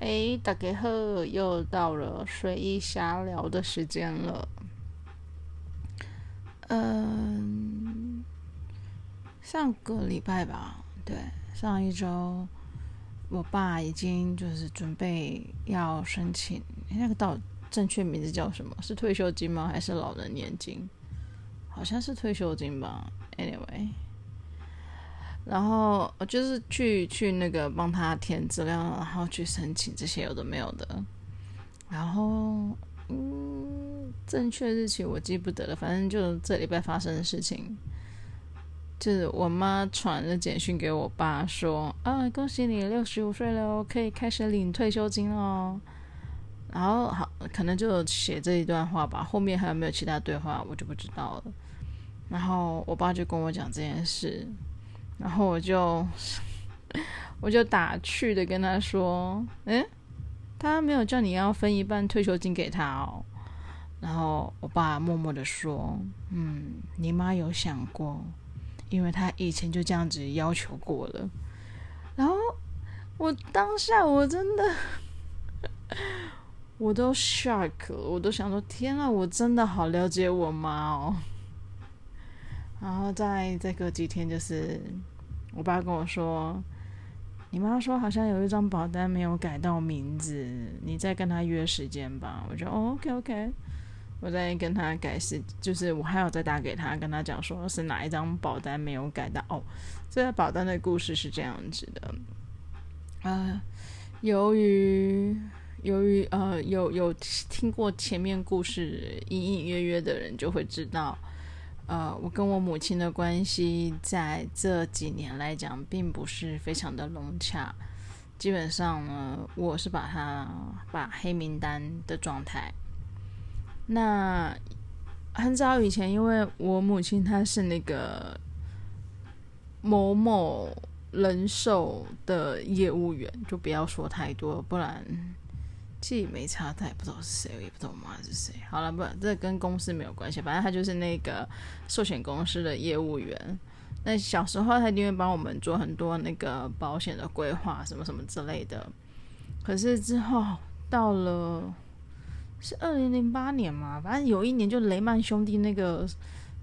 誒，大家好，又到了隨意瞎聊的時間了。嗯、呃，上個禮拜吧，對，上一週，我爸已經就是準備要申請，誒那個到底正確名字叫什麼？是退休金嗎？還是老人年金？好像是退休金吧。Anyway。然後我就是去去那個幫他填資料，然後去申請這些有的沒有的。然後嗯，正確日期我記不得了，反正就這禮拜發生的事情。就是我媽傳的簡訊給我爸說：“啊，恭喜你六十五歲了哦，可以開始領退休金哦。”然後好，可能就寫這一段話吧，後面還有沒有其他對話我就不知道了。然後我爸就跟我講這件事。然後我就我就打趣的跟他說：“嗯、欸，他沒有叫你要分一半退休金給他哦。”然後我爸默默的說：“嗯，你媽有想過，因為他以前就這樣子要求過了。”然後我當下我真的我都 shock 了，我都想說：“天啊，我真的好了解我媽哦。”然後再再隔幾天就是。我爸跟我說：“你媽說好像有一張保單沒有改到名字，你再跟他約時間吧。”我就、哦、OK OK，我再跟他改是，就是我還要再打給他，跟他講說是哪一張保單沒有改到。哦，這個保單的故事是這樣子的，呃，由於由於呃有有聽過前面故事，隱隱約約的人就會知道。呃，我跟我母親的關係在這幾年來講，並不是非常的融洽。基本上呢，我是把她把黑名單的狀態。那很早以前，因為我母親她是那個某某人壽的業務員，就不要說太多，不然。其實沒差，他也不知道是誰，我也不知道我媽是誰。好了，不然，這跟公司沒有關係，反正他就是那個壽險公司的業務員。那小時候他因為幫我們做很多那個保險的規劃，什麼什麼之類的。可是之後到了是二零零八年嘛，反正有一年就雷曼兄弟那個，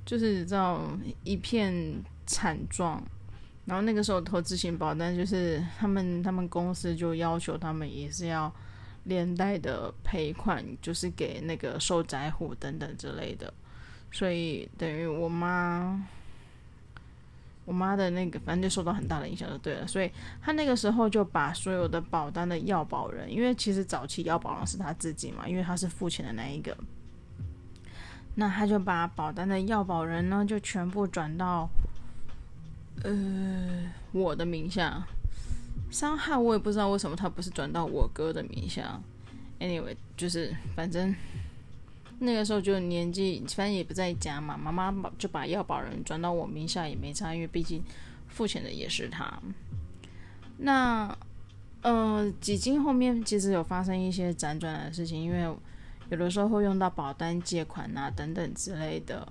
就是叫一片慘狀。然後那個時候投資型保單，就是他們他們公司就要求他們也是要。連帶的賠款就是給那個受災戶等等之類的，所以等於我媽，我媽的那個反正就受到很大的影響，就對了。所以她那個時候就把所有的保單的要保人，因為其實早期要保人是她自己嘛，因為她是付錢的那一個，那他就把保單的要保人呢就全部轉到，呃，我的名下。傷害，我也不知道為什麼他不是轉到我哥的名下，Anyway 就是反正那個時候就年紀反正也不在家嘛，媽媽就把要保人轉到我名下也沒差，因為畢竟付錢的也是他。那嗯、呃，幾經後面其實有發生一些輾轉的事情，因為有的時候會用到保單借款啊等等之類的。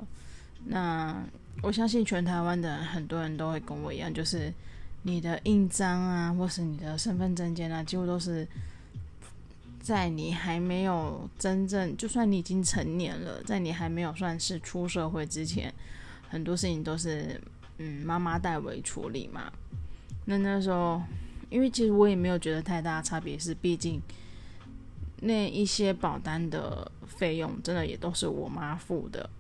那我相信全台灣的很多人都會跟我一樣，就是。你的印章啊，或是你的身份證件啊，幾乎都是在你還沒有真正，就算你已經成年了，在你還沒有算是出社會之前，很多事情都是嗯媽媽代為處理嘛。那那時候，因為其實我也沒有覺得太大的差別，是畢竟那一些保單的費用真的也都是我媽付的。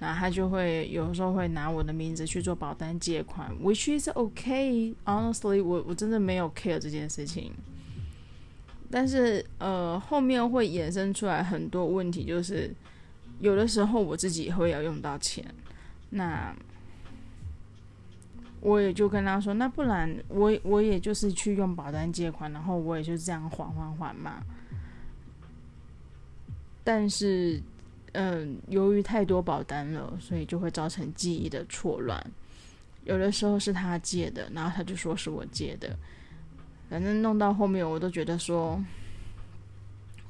然後他就會有時候會拿我的名字去做保單借款，which is okay. Honestly，我我真的沒有 care 這件事情。但是呃，後面會衍生出來很多問題，就是有的時候我自己也會要用到錢，那我也就跟他說，那不然我我也就是去用保單借款，然後我也就這樣還還還嘛。但是。嗯，由於太多保單了，所以就會造成記憶的錯亂。有的時候是他借的，然後他就說是我借的，反正弄到後面我都覺得說，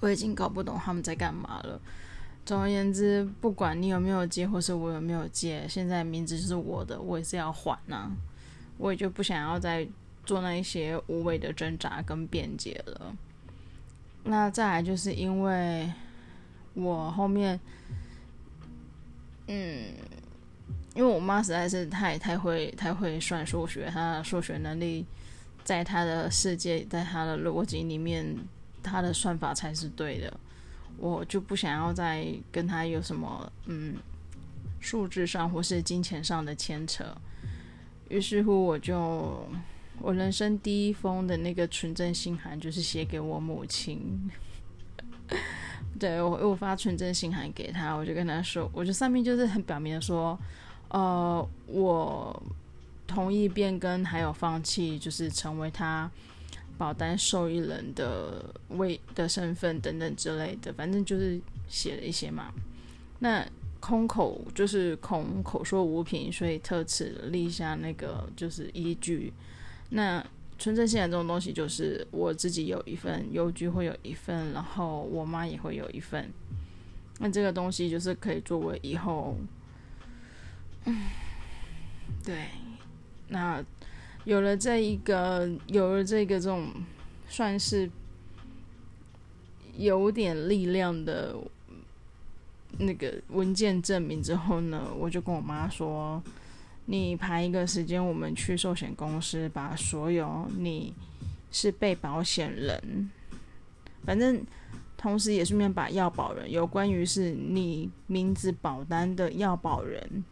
我已經搞不懂他們在幹嘛了。總而言之，不管你有沒有借，或是我有沒有借，現在名字是我的，我也是要還啊。我也就不想要再做那一些無謂的掙扎跟辯解了。那再來就是因為。我後面，嗯，因為我媽實在是太太會太會算數學，她的數學能力，在她的世界，在她的邏輯裡面，她的算法才是對的。我就不想要再跟她有什麼嗯，數字上或是金錢上的牽扯。於是乎，我就我人生第一封的那個存證信函，就是寫給我母親。 對我，我發存證信函給他，我就跟他說，我就上面就是很表明的說，呃，我同意變更，還有放棄，就是成為他保單受益人的位的身份等等之類的,反正就是寫了一些嘛。那空口就是空口說無憑，所以特此立下那個就是依據。那存證信函這種東西，就是我自己有一份，郵局會有一份，然後我媽也會有一份。那這個東西就是可以作為以後，嗯，對，那有了這一個，有了這一個這種算是有點力量的那個文件證明之後呢，我就跟我媽說。你排一個時間，我們去壽險公司把所有你是被保險人，反正同時也順便把要保人有關於是你名字保單的要保人，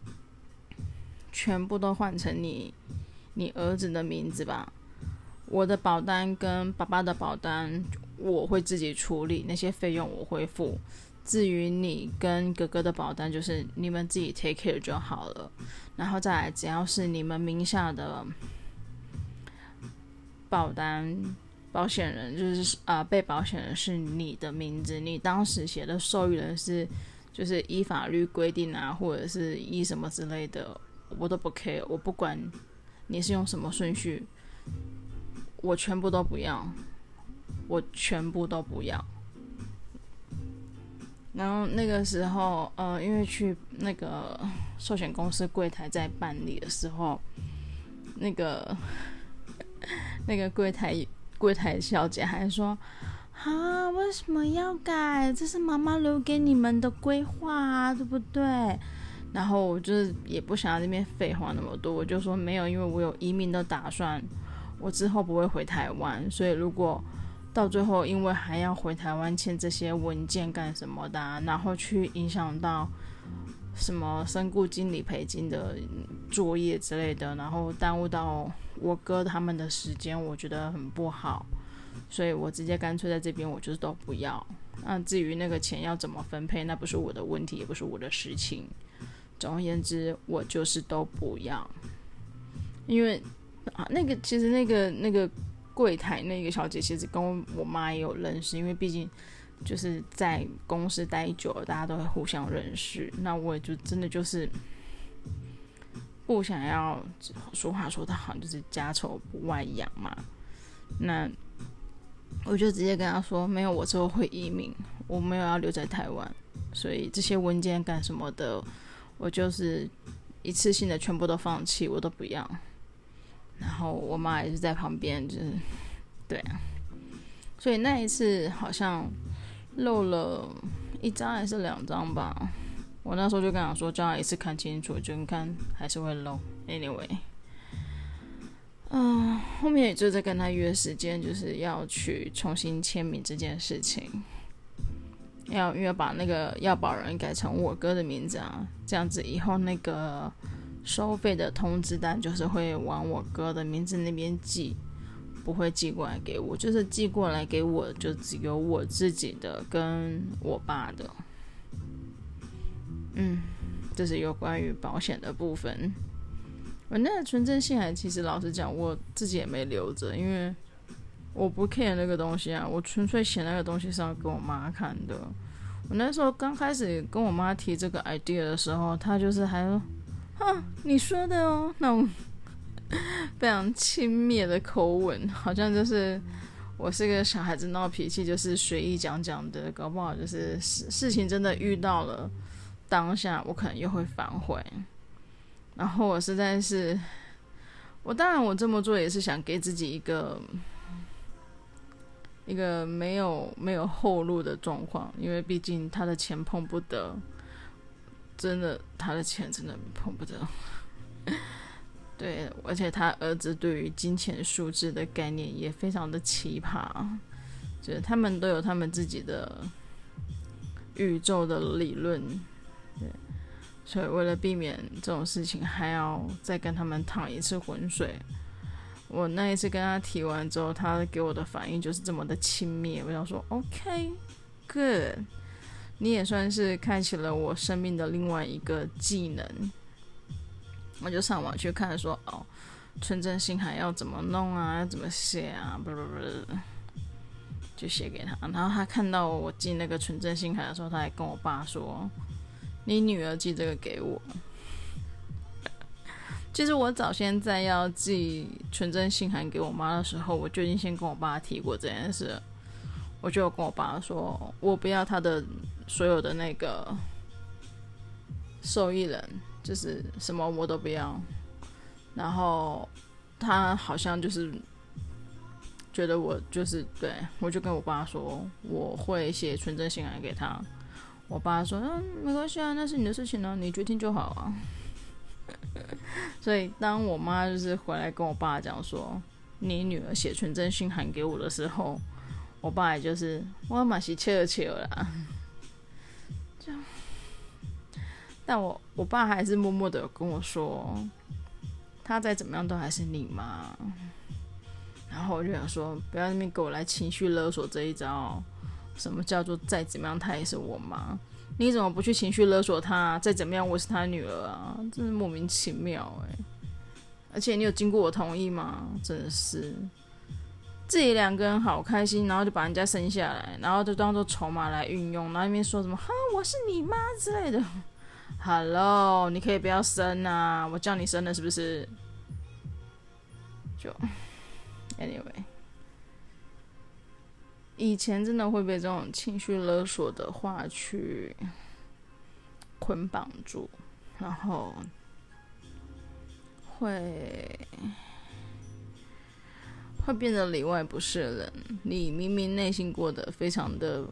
全部都換成你你兒子的名字吧。我的保單跟爸爸的保單我會自己處理，那些費用我會付。至於你跟哥哥的保單，就是你們自己 take care 就好了。然後再來，只要是你們名下的保單，保險人就是啊、呃，被保險人是你的名字，你當時寫的受益人是，就是依法律規定啊，或者是依什麼之類的，我都不 care，我不管你是用什麼順序，我全部都不要，我全部都不要。然後那個時候，呃，因為去那個壽險公司櫃檯在辦理的時候，那個那個櫃檯櫃檯小姐還說：“啊，為什麼要改？這是媽媽留給你們的規劃啊，對不對？”然後我就是也不想在那邊廢話那麼多，我就說沒有，因為我有移民的打算，我之後不會回台灣，所以如果。到最後，因為還要回台灣簽這些文件幹什麼的，啊、然後去影響到什麼身故金、理賠金的作業之類的，然後耽誤到我哥他們的時間，我覺得很不好。所以我直接乾脆在這邊，我就是都不要。那，啊、至於那個錢要怎麼分配，那不是我的問題，也不是我的事情。總而言之，我就是都不要，因為啊，那個其實那個那個。櫃檯那個小姐其實跟我媽也有認識，因為畢竟就是在公司待久了，大家都會互相認識。那我也就真的就是不想要，俗話說得好，就是家醜不外揚嘛。那我就直接跟她說，沒有，我之後會移民，我沒有要留在台灣，所以這些文件幹什麼的，我就是一次性的全部都放棄，我都不要。然後我媽也是在旁邊，就是，對啊，所以那一次好像漏了一張還是兩張吧。我那時候就跟他說，叫他一次看清楚，就看還是會漏。Anyway，嗯、呃，後面也就在跟他約時間，就是要去重新簽名這件事情，要約把那個要保人改成我哥的名字啊，這樣子以後那個。收費的通知單就是會往我哥的名字那邊寄，不會寄過來給我。就是寄過來給我，就只有我自己的跟我爸的。嗯，這是有關於保險的部分。我那個存證信函其實老實講，我自己也沒留着，因為我不 care 那個東西啊。我純粹寫那個東西是要給我媽看的。我那時候剛開始跟我媽提這個 idea 的時候，她就是還。嗯、啊，你說的哦，那種非常輕蔑的口吻，好像就是我是個小孩子鬧脾氣，就是隨意講講的，搞不好就是事事情真的遇到了當下，我可能又會反悔。然後我實在是，我當然我這麼做也是想給自己一個一個沒有沒有後路的狀況，因為畢竟他的錢碰不得。真的，他的錢真的碰不得。 對，而且他兒子對於金錢數字的概念也非常的奇葩，就是他們都有他們自己的宇宙的理論，對。所以為了避免這種事情，還要再跟他們趟一次渾水。我那一次跟他提完之後，他給我的反應就是這麼的輕蔑。我想說，OK，Good。Okay, good 你也算是開啟了我生命的另外一個技能，我就上網去看說哦，存證信函要怎麼弄啊，要怎麼寫啊，不不不就寫給他。然後他看到我寄那個存證信函的時候，他還跟我爸說：“你女兒寄這個給我。”其實我早先在要寄存證信函給我媽的時候，我就已經先跟我爸提過這件事，我就跟我爸說：“我不要他的。”所有的那個受益人就是什麼我都不要，然後他好像就是覺得我就是對，我就跟我爸說我會寫存證信函給他。我爸說嗯、啊、沒關係啊，那是你的事情呢、啊，你決定就好啊。 所以當我媽就是回來跟我爸講說，你女兒寫存證信函給我的時候，我爸也就是哇嘛是笑笑啦。但我我爸還是默默的跟我說，他再怎麼樣都還是你媽。然後我就想說，不要那邊給我來情緒勒索這一招。什麼叫做再怎麼樣他也是我媽？你怎麼不去情緒勒索他？再怎麼樣我是他女兒啊，真是莫名其妙誒、欸。而且你有經過我同意嗎？真的是。自己兩個人好開心，然後就把人家生下來，然後就當做籌碼來運用，然後那邊說什麼“哈，我是你媽”之類的。哈嘍，你可以不要生啊，我叫你生了是不是？就，anyway，以前真的會被這種情緒勒索的話去捆綁住，然後會。會變得裡外不是人。你明明內心過得非常的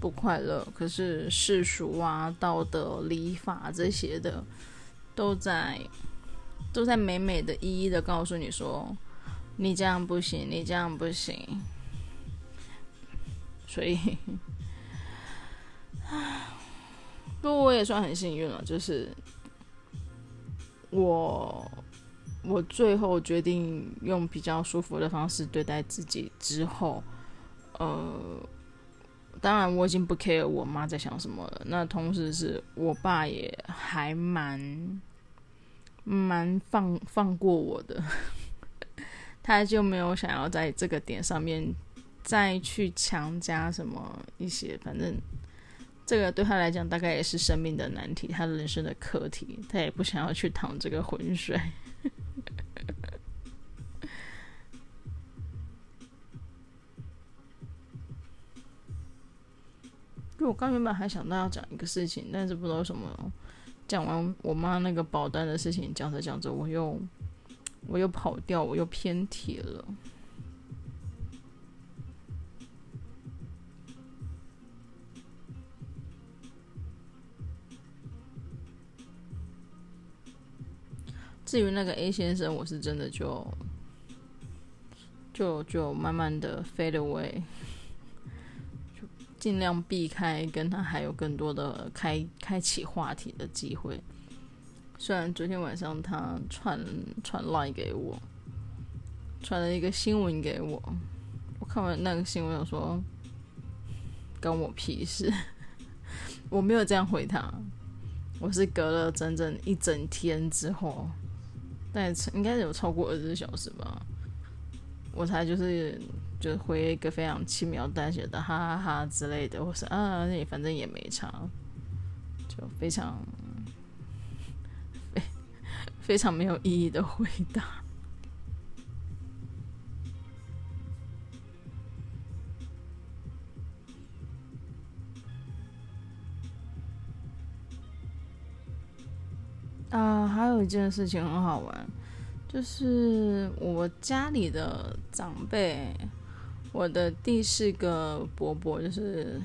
不快樂，可是世俗啊、道德、禮法這些的，都在都在美美的、一一的告訴你說：“你這樣不行，你這樣不行。”所以，唉， 不過我也算很幸運了，就是我。我最後決定用比較舒服的方式對待自己之後，呃，當然我已經不 care 我媽在想什麼了。那同時是我爸也還蠻蠻放放過我的， 他就沒有想要在這個點上面再去強加什麼一些。反正這個對他來講大概也是生命的難題，他人生的課題，他也不想要去淌這個渾水。我剛原本還想到要講一個事情，但是不知道為什麼，講完我媽那個保單的事情，講着講着，我又，我又跑掉，我又偏題了。至於那個 A 先生，我是真的就，就就慢慢的 fade away。盡量避開跟他還有更多的開開啟話題的機會。雖然昨天晚上他傳傳賴給我，傳了一個新聞給我，我看完那個新聞我說，關我屁事， 我沒有這樣回他。我是隔了整整一整天之後，但應該有超過二十四小時吧，我才就是。就回一個非常輕描淡寫的哈哈哈之類的，我說啊，那你反正也沒差，就非常非非常沒有意義的回答。 啊，還有一件事情很好玩，就是我家裡的長輩。我的第四個伯伯，就是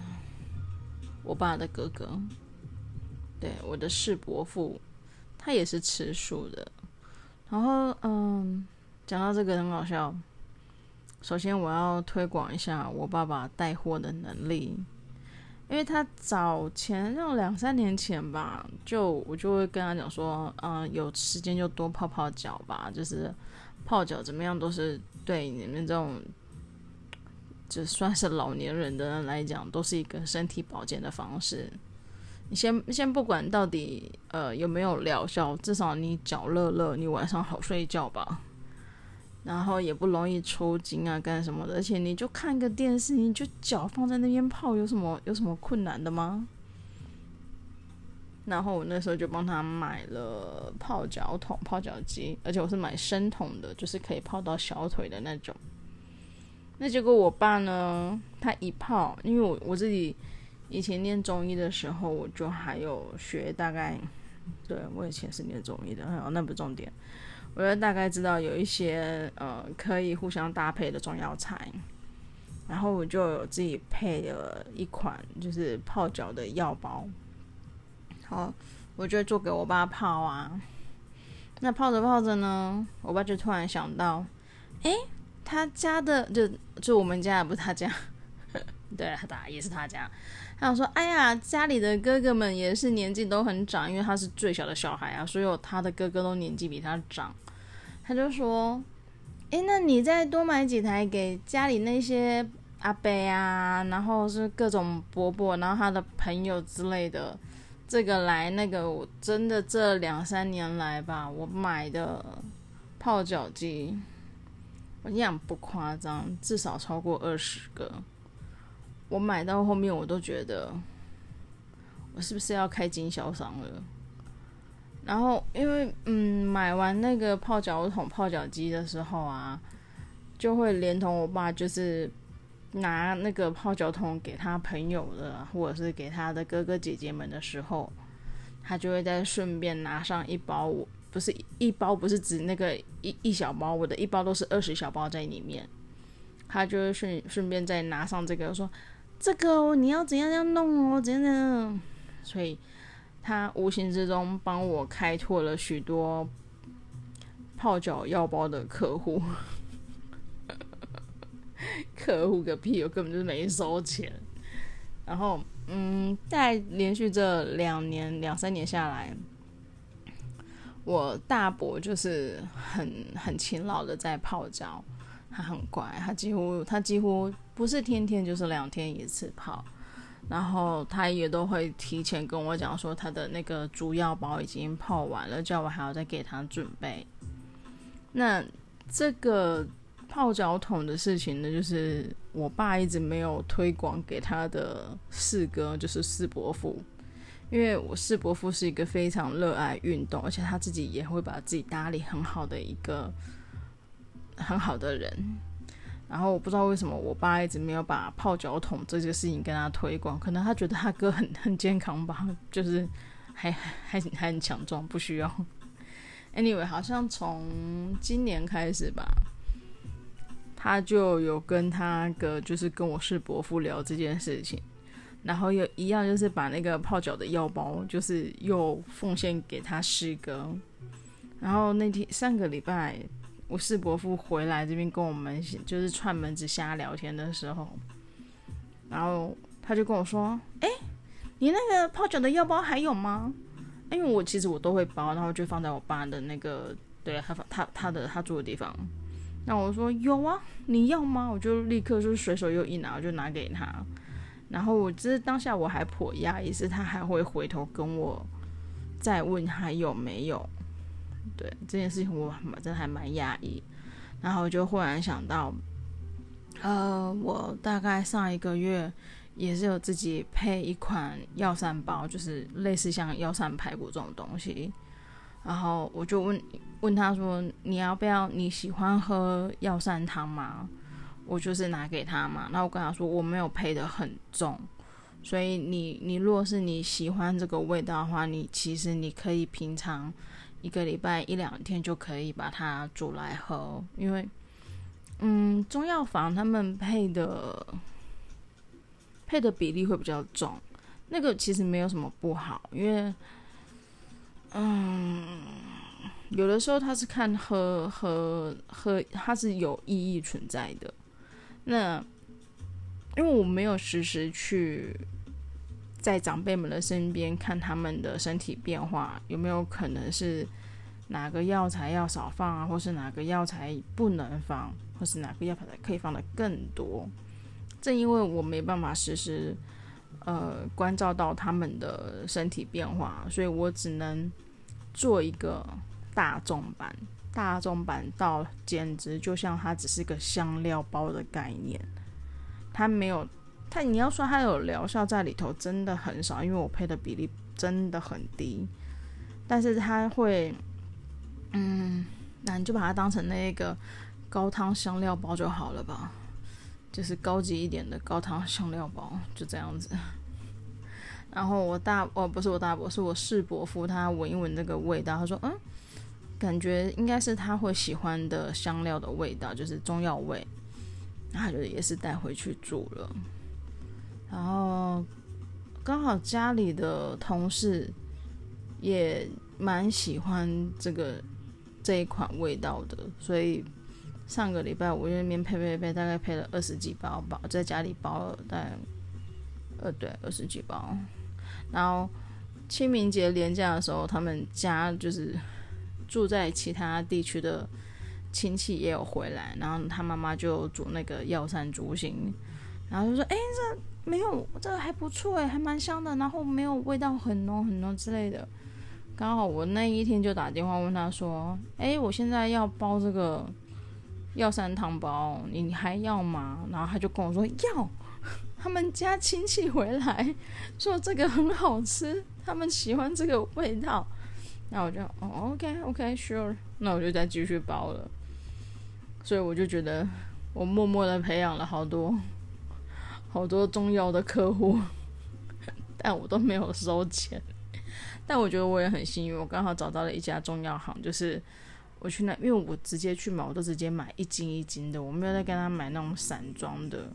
我爸的哥哥，對，我的四伯父，他也是吃素的。然後，嗯，講到這個很搞笑。首先，我要推廣一下我爸爸帶貨的能力，因為他早前那種兩三年前吧，就我就會跟他講說，嗯，有時間就多泡泡腳吧，就是泡腳怎麼樣都是對你們這種。就算是老年人的人來講，都是一個身體保健的方式。你先先不管到底呃有沒有療效，至少你腳熱熱，你晚上好睡覺吧，然後也不容易抽筋啊幹什麼的。而且你就看個電視，你就腳放在那邊泡，有什麼有什麼困難的嗎？然後我那時候就幫他買了泡腳桶、泡腳機，而且我是買深桶的，就是可以泡到小腿的那種。那結果我爸呢？他一泡，因為我我自己以前念中醫的時候，我就還有學大概，對我以前是念中醫的，哦，那不是重點，我就大概知道有一些呃可以互相搭配的中藥材，然後我就有自己配了一款就是泡腳的藥包，好，我就做給我爸泡啊。那泡着泡着呢，我爸就突然想到，哎、欸。他家的就、就我們家，不是他家， 對，他打也是他家。他想說，哎呀，家裡的哥哥們也是年紀都很長，因為他是最小的小孩啊，所以他的哥哥都年紀比他長。他就說，哎、欸，那你再多買幾台給家裡那些阿伯啊，然後是各種伯伯，然後他的朋友之類的。這個來那個，我真的這兩三年來吧，我買的泡腳機。我一樣不誇張，至少超過二十個。我買到後面我都覺得，我是不是要開經銷商了？然後因為嗯，買完那個泡腳桶、泡腳機的時候啊，就會連同我爸就是拿那個泡腳桶給他朋友的，或者是給他的哥哥姐姐們的時候，他就會再順便拿上一包我。不是一包，不是指那個一一小包，我的一包都是二十小包在裡面。他就是順順便再拿上這個，說這個你要怎樣樣弄哦、喔，怎樣怎樣。所以他無形之中幫我開拓了許多泡腳藥包的客戶。 客戶個屁，我根本就沒收錢。然後，嗯，在連續這兩年兩三年下來。我大伯就是很很勤勞的在泡腳，他很乖，他幾乎他幾乎不是天天就是兩天一次泡，然後他也都會提前跟我講說他的那個足藥包已經泡完了，叫我還要再給他準備。那這個泡腳桶的事情呢，就是我爸一直沒有推廣給他的四哥，就是四伯父，因為我四伯父，是一個非常熱愛運動，而且他自己也會把自己打理很好的一個很好的人。然後我不知道為什麼我爸一直沒有把泡腳桶這件事情跟他推廣，可能他覺得他哥很很健康吧，就是還還還很強壯，不需要。Anyway，好像從今年開始吧，他就有跟他哥，就是跟我四伯父聊這件事情。然後又一樣，就是把那個泡腳的藥包，就是又奉獻給他四哥。然後那天上個禮拜，我四伯父回來這邊跟我們就是串門子瞎聊天的時候，然後他就跟我說：“哎，你那個泡腳的藥包還有嗎？”因為我其實我都會包，然後就放在我爸的那個，對他他他的他住的地方。那我說有啊，你要嗎？我就立刻就隨手又一拿，我就拿給他。然後我其實當下我還頗壓抑，是他還會回頭跟我再問還有沒有，對這件事情我真的還蠻壓抑。然後我就忽然想到，呃，我大概上一個月也是有自己配一款藥膳包，就是類似像藥膳排骨這種東西。然後我就問問他說：“你要不要？你喜歡喝藥膳湯嗎？”我就是拿給他嘛，那我跟他說我沒有配的很重，所以你你如果是你喜歡這個味道的話，你其實你可以平常一個禮拜一兩天就可以把它煮來喝，因為嗯，中藥房他們配的配的比例會比較重，那個其實沒有什麼不好，因為嗯有的時候它是看喝喝喝，它是有意義存在的。那，因為我沒有時時去在長輩們的身邊看他們的身體變化，有沒有可能是哪個藥材要少放啊，或是哪個藥材不能放，或是哪個藥材可以放得更多。正因為我沒辦法時時，呃關照到他們的身體變化，所以我只能做一個大眾版。大眾版到簡直就像它只是個香料包的概念，它沒有它，你要說它有療效在裡頭，真的很少，因為我配的比例真的很低。但是它會，嗯，那你就把它當成那個高湯香料包就好了吧，就是高級一點的高湯香料包，就這樣子。然後我大，哦，不是我大伯，是我四伯父，他聞一聞那個味道，他說，嗯。感覺應該是他會喜歡的香料的味道，就是中藥味。然後就也是帶回去煮了。然後剛好家裡的同事也蠻喜歡這個這一款味道的，所以上個禮拜我那邊配配配，大概配了二十幾包吧，在家裡包了，大概呃，對，二十幾包。然後清明節連假的時候，他們家就是。住在其他地區的親戚也有回來，然後他媽媽就煮那個藥膳豬心，然後就說：“哎，這沒有，這還不錯哎，還蠻香的，然後沒有味道很濃很濃之類的。”剛好我那一天就打電話問他說：“哎，我現在要包這個藥膳湯包，你還要嗎？”然後他就跟我說：“要。”他們家親戚回來，說這個很好吃，他們喜歡這個味道。那我就哦，OK，OK，Sure。Okay, okay, sure，那我就再繼續包了。所以我就覺得，我默默的培養了好多好多中藥的客戶，但我都沒有收錢。但我覺得我也很幸運，我剛好找到了一家中藥行，就是我去那，因為我直接去買，我都直接買一斤一斤的，我沒有再跟他買那種散裝的。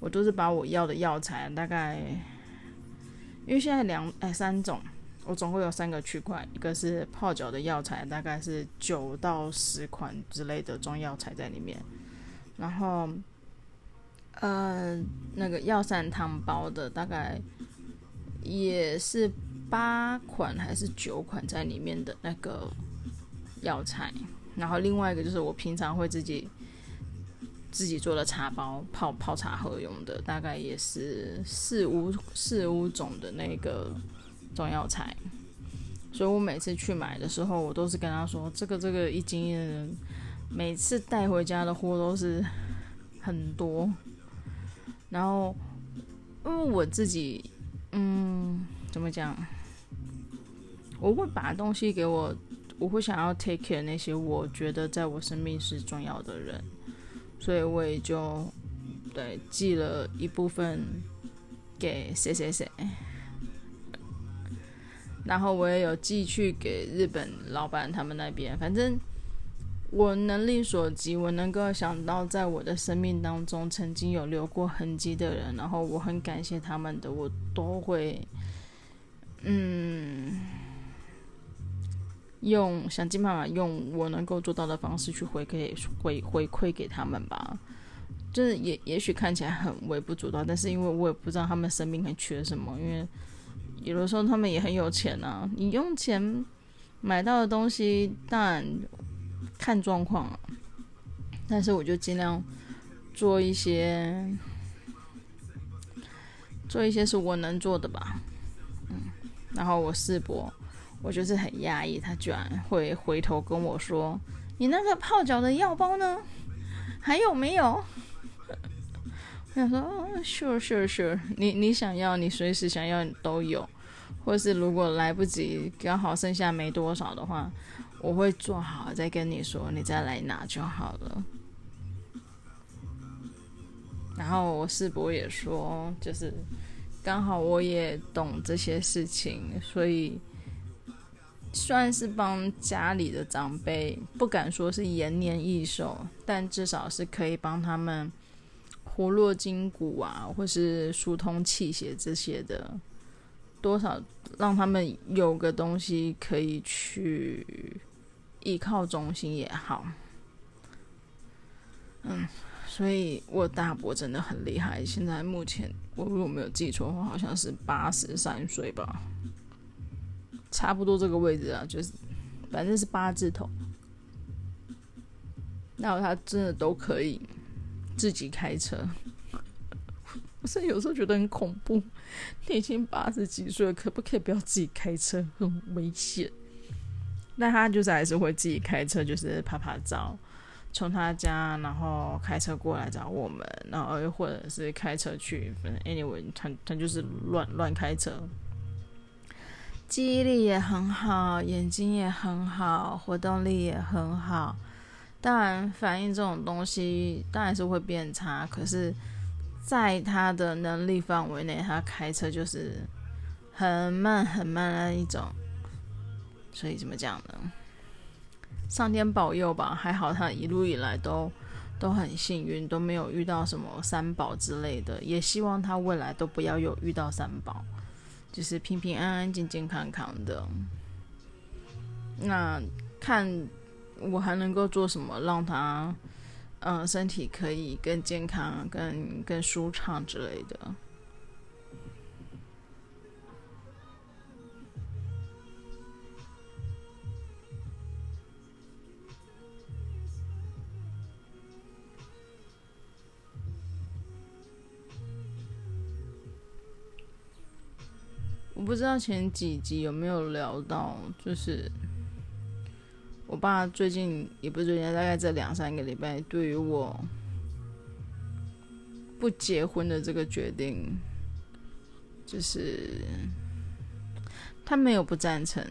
我都是把我要的藥材，大概因為現在兩，哎，三種。我總共有三個區塊，一個是泡腳的藥材，大概是九到十款之類的中藥材在裡面。然後，呃，那個藥膳湯包的大概也是八款還是九款在裡面的那個藥材。然後另外一個就是我平常會自己自己做的茶包泡泡茶喝用的，大概也是四五四五種的那個。中藥材，所以我每次去買的時候，我都是跟他說：“這個這個一經一人，每次帶回家的貨都是很多。”然後因為、嗯、我自己，嗯，怎麼講？我會把東西給我，我會想要 take care 那些我覺得在我生命是重要的人，所以我也就對寄了一部分給誰誰誰。然後我也有寄去給日本老闆他們那邊，反正我能力所及，我能夠想到在我的生命當中曾經有留過痕跡的人，然後我很感謝他們的，我都會，嗯，用想盡辦法用我能夠做到的方式去回饋回回饋給他們吧。就是也也許看起來很微不足道，但是因為我也不知道他們生命還缺什麼，因為。有的時候他們也很有錢啊，你用錢買到的東西但看狀況了啊，但是我就盡量做一些做一些是我能做的吧，嗯。然後我試播，我就是很壓抑，他居然會回頭跟我說：“你那個泡腳的藥包呢？還有沒有？”他說：“Sure, sure, sure 你，你你想要，你隨時想要你都有。或是如果來不及，剛好剩下沒多少的話，我會做好再跟你說，你再來拿就好了。然後我四伯也說，就是剛好我也懂這些事情，所以算是幫家裡的長輩，不敢說是延年益壽，但至少是可以幫他們。”活絡筋骨啊，或是疏通氣血這些的，多少讓他們有個東西可以去依靠中心也好。嗯，所以我大伯真的很厲害。現在目前我如果沒有記錯的話，好像是八十三歲吧，差不多這個位置啊，就是反正是八字頭。那我他真的都可以。自己開車，不 是有時候覺得很恐怖。你已經八十幾歲了，可不可以不要自己開車？很危險。那他就是還是會自己開車，就是趴趴走，從他家然後開車過來找我們，然後，或者，是開車去，反正 anyway，他他就是亂亂開車。記憶力也很好，眼睛也很好，活動力也很好。當然，反應這種東西當然是會變差，可是，在他的能力範圍內，他開車就是很慢很慢那一種。所以怎麼講呢？上天保佑吧，還好他一路以來都都很幸運，都沒有遇到什麼三寶之類的。也希望他未來都不要有遇到三寶，就是平平安安、健健康康的。那看。我還能夠做什麼讓他，嗯、呃，身體可以更健康、更更舒暢之類的。我不知道前幾集有沒有聊到，就是。我爸最近也不是最近，大概這兩三個禮拜，對於我不結婚的這個決定，就是他沒有不贊成，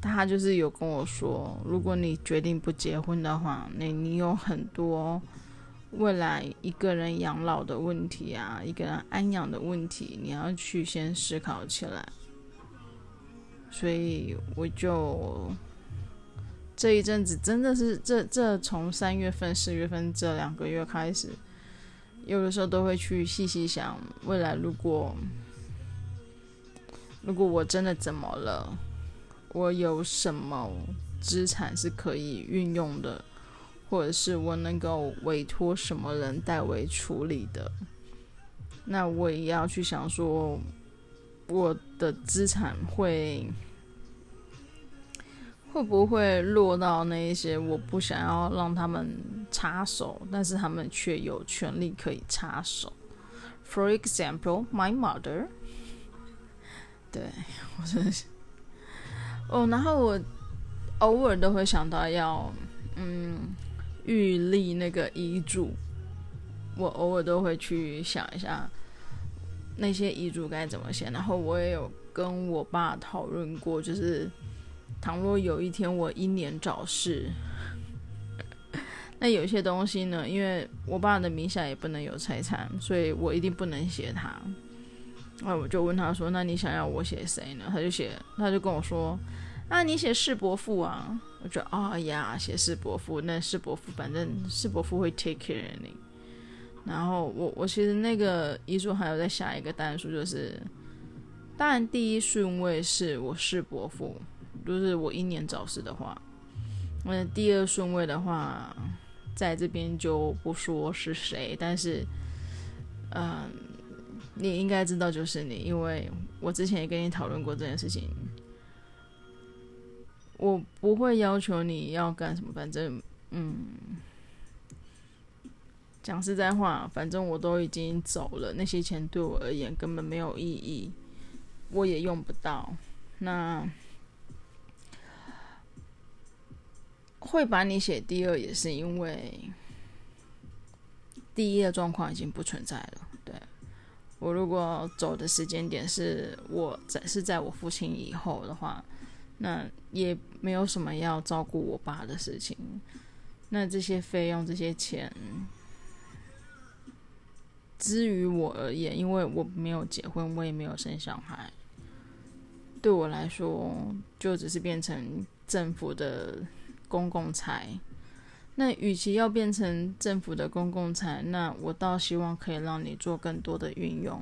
他就是有跟我說，如果你決定不結婚的話，那你，你有很多未來一個人養老的問題啊，一個人安養的問題，你要去先思考起來。所以我就。這一陣子真的是，這這從三月份、四月份這兩個月開始，有的時候都會去細細想未來，如果如果我真的怎麼了，我有什麼資產是可以運用的，或者是我能夠委託什麼人代為處理的，那我也要去想說，我的資產會。會不會落到那一些我不想要讓他們插手，但是他們卻有權利可以插手？For example, my mother 對。對我真的是哦，oh, 然後我偶爾都會想到要嗯，預立那個遺囑。我偶爾都會去想一下那些遺囑該怎麼寫，然後我也有跟我爸討論過，就是。倘若有一天我英年早逝，那有些東西呢？因為我爸的名下也不能有財產，所以我一定不能寫他。那我就問他說：“那你想要我寫誰呢？”他就寫，他就跟我說：“那你寫世伯父啊。我就”我覺得啊呀，寫世伯父，那世伯父反正世伯父會 take care 你。然後我我其實那個遺囑還有在下一個單數，就是當然第一順位是我世伯父。就是我英年早逝的話，那、呃、第二順位的話，在這邊就不說是誰，但是，嗯、呃，你應該知道就是你，因為我之前也跟你討論過這件事情。我不會要求你要幹什麼，反正，嗯，講實在話，反正我都已經走了，那些錢對我而言根本沒有意義，我也用不到。那。會把你寫第二，也是因為第一的狀況已經不存在了。對，我如果走的時間點是我在，是在我父親以後的話，那也沒有什麼要照顧我爸的事情。那這些費用、這些錢，至於我而言，因為我沒有結婚，我也沒有生小孩，對我來說，就只是變成政府的。公共財，那與其要變成政府的公共財，那我倒希望可以讓你做更多的運用，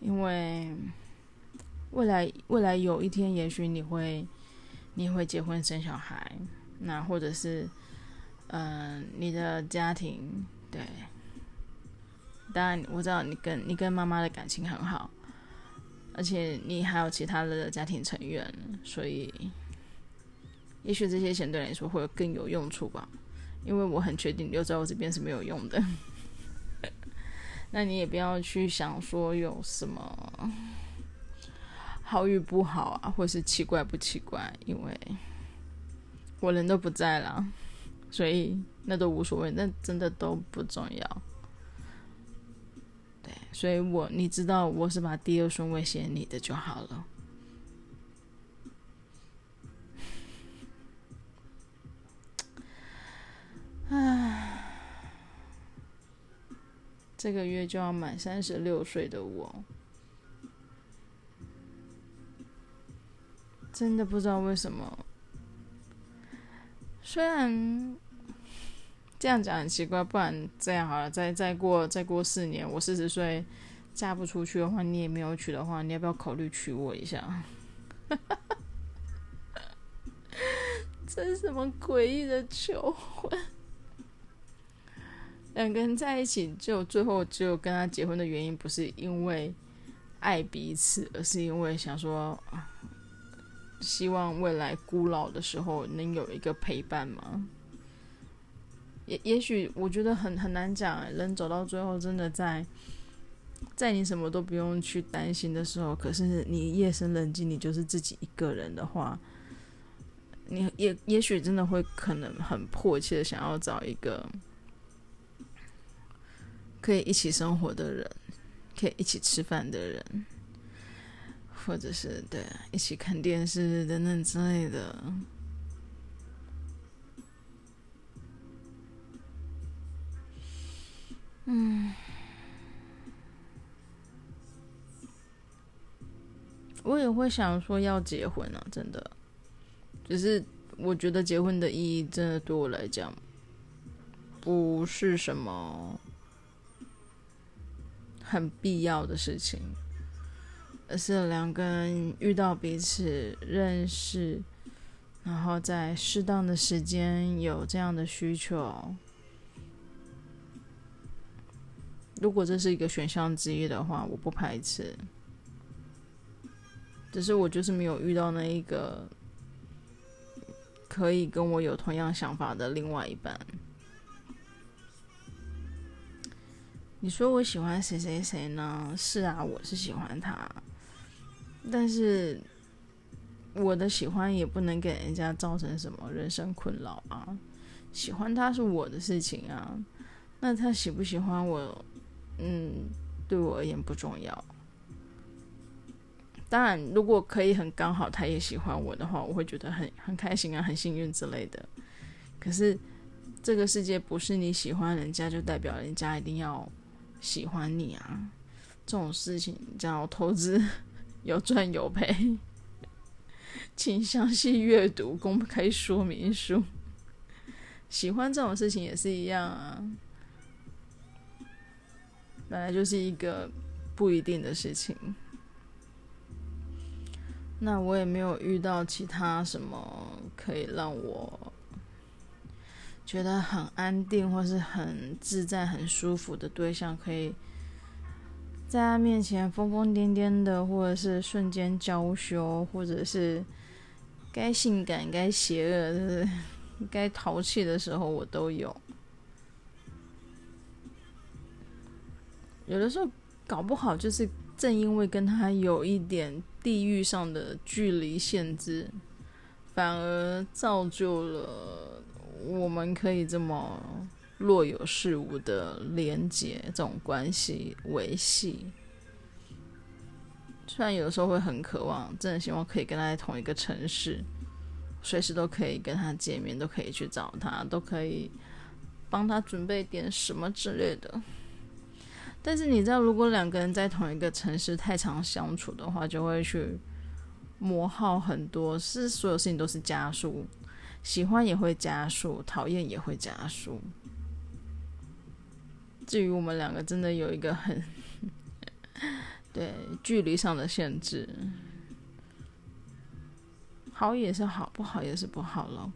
因為未來未來有一天，也許你會你會結婚生小孩，那或者是嗯、呃、你的家庭，對，當然我知道你跟你跟媽媽的感情很好，而且你還有其他的家庭成員，所以。也許這些錢對你來說會有更有用處吧，因為我很確定留在我這邊是沒有用的。 那你也不要去想說有什麼好與不好啊，或是奇怪不奇怪，因為我人都不在了，所以那都無所謂，那真的都不重要。對，所以我你知道我是把第二順位寫你的就好了。唉，這個月就要滿三十六歲的我，真的不知道為什麼。雖然這樣講很奇怪，不然這樣好了，再再過再過四年，我四十歲嫁不出去的話，你也沒有娶的話，你要不要考慮娶我一下？ 這是什麼詭異的求婚？兩個人在一起，就最、最後就跟他結婚的原因，不是因為愛彼此，而是因為想說，希望未來孤老的時候能有一個陪伴嘛。也也許我覺得很很難講，人走到最後，真的在在你什麼都不用去擔心的時候，可是你夜深人靜，你就是自己一個人的話，你也也許真的會可能很迫切的想要找一個。可以一起生活的人，可以一起吃飯的人，或者是，對，一起看電視等等之類的。嗯，我也會想說要結婚啊，真的。只是我覺得結婚的意義真的對我來講不是什麼。很必要的事情，而是兩個人遇到彼此認識，然後在適當的時間有這樣的需求。如果這是一個選項之一的話，我不排斥。只是我就是沒有遇到那一個可以跟我有同樣想法的另外一半。你說我喜歡誰誰誰呢？是啊，我是喜歡他，但是我的喜歡也不能給人家造成什麼人生困擾啊。喜歡他是我的事情啊，那他喜不喜歡我，嗯，對我而言不重要。當然，如果可以很剛好他也喜歡我的話，我會覺得很很開心啊，很幸運之類的。可是這個世界不是你喜歡人家就代表人家一定要。喜歡你啊，這種事情叫投資，有賺有賠，請詳細閱讀公開說明書。喜歡這種事情也是一樣啊，本來就是一個不一定的事情。那我也沒有遇到其他什麼可以讓我。覺得很安定，或是很自在、很舒服的對象，可以在他面前瘋瘋癲癲的，或者是瞬間嬌羞，或者是該性感、該邪惡、該淘氣的時候，我都有。有的時候搞不好，就是正因為跟他有一點地域上的距離限制，反而造就了。我們可以這麼若有似無的連接，這種關係維繫。雖然有時候會很渴望，真的希望可以跟他在同一個城市，隨時都可以跟他見面，都可以去找他，都可以幫他準備點什麼之類的。但是你知道，如果兩個人在同一個城市太常相處的話，就會去磨耗很多，是所有事情都是加速。喜歡也會加速，討厭也會加速。至於我們兩個，真的有一個很 對，距離上的限制。好也是好，不好也是不好咯。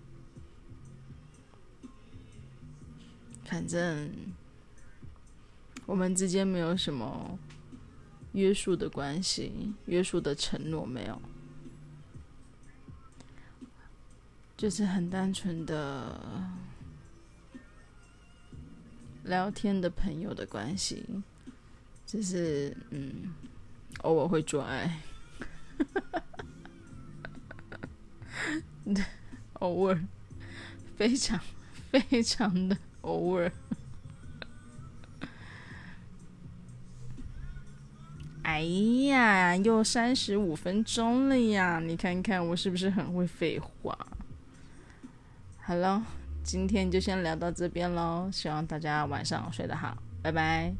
反正我們之間沒有什麼約束的關係，約束的承諾沒有。就是很單純的聊天的朋友的關係，只是嗯，偶爾會做愛，哈哈哈哈哈，對，偶爾，非常非常的偶爾。哎呀，又三十五分鐘了呀！你看看我是不是很會廢話？好嘍，Hello, 今天就先聊到這邊咯，希望大家晚上睡得好，拜拜。